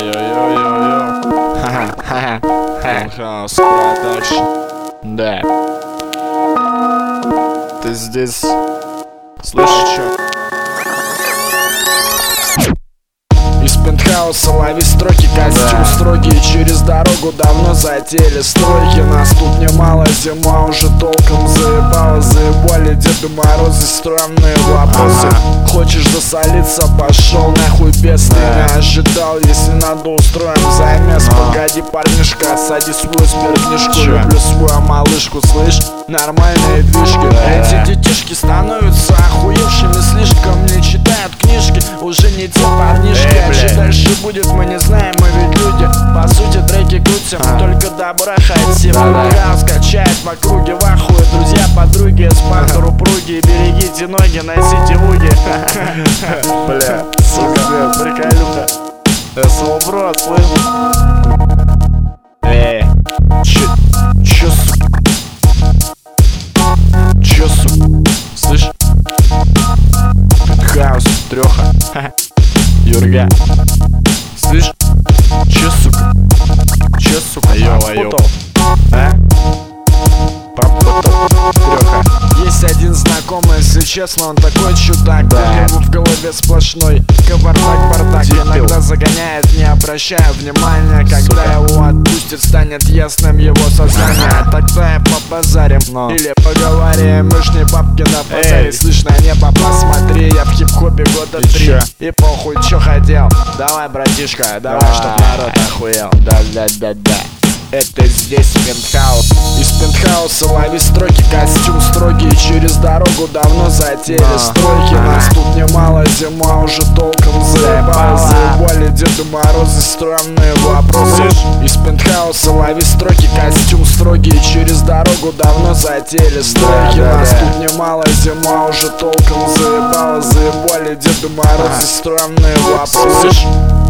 Йо-йо-йо-йо. Ха-ха-ха. Хеллхаус продакшн. Да. Ты здесь? Слышишь, чё? Из пентхауса лови строки, костюм да. строгий Через дорогу давно затели стройки Нас тут немало, зима уже толком заебала, заебой Деду Морозы странные вопросы Хочешь засолиться, пошел нахуй без Ты не ожидал, если надо устроим замес Погоди, парнишка, сади свою спиртнишку Люблю свою малышку, слышь, нормальные движки Эти э. детишки становятся охуевшими слишком Не читают книжки, уже не те парнишки А что дальше будет, мы не знаем, мы ведь люди По сути, треки крутим, а. только добра хотим Газ качает в округе в ахуе, друзья, подруги эти ноги, носите уги Бля, сука, бля, приколюха э, СО, бро, слышишь? Эй, че, че сука? че сука? Слышь? Хаос, трёха Юрга Слышь? Че сука? че сука? Йо, йо А? Попутал, трёха знакомый, если честно, он такой чудак Да, да в голове сплошной ковардак, бардак Дебил. Иногда загоняет, не обращая внимания Когда Сука. его отпустит, станет ясным его сознание Тогда я побазарим, Но. или поговорим Мышные бабки на базаре, Эй. слышно небо, посмотри Я в хип-хопе года три чё? И похуй, чё хотел Давай, братишка, давай, давай. чтоб народ охуел Да-да-да-да это здесь пентхаус Из пентхауса лови строки, костюм строгий Через дорогу давно затели стройки Нас тут немало, зима уже толком заебала Заебали Деду Морозы странные вопросы Из пентхауса лови строки, костюм строгий Через дорогу давно затели стройки Нас тут немало, зима уже толком заебала Заебали Деду Морозы странные вопросы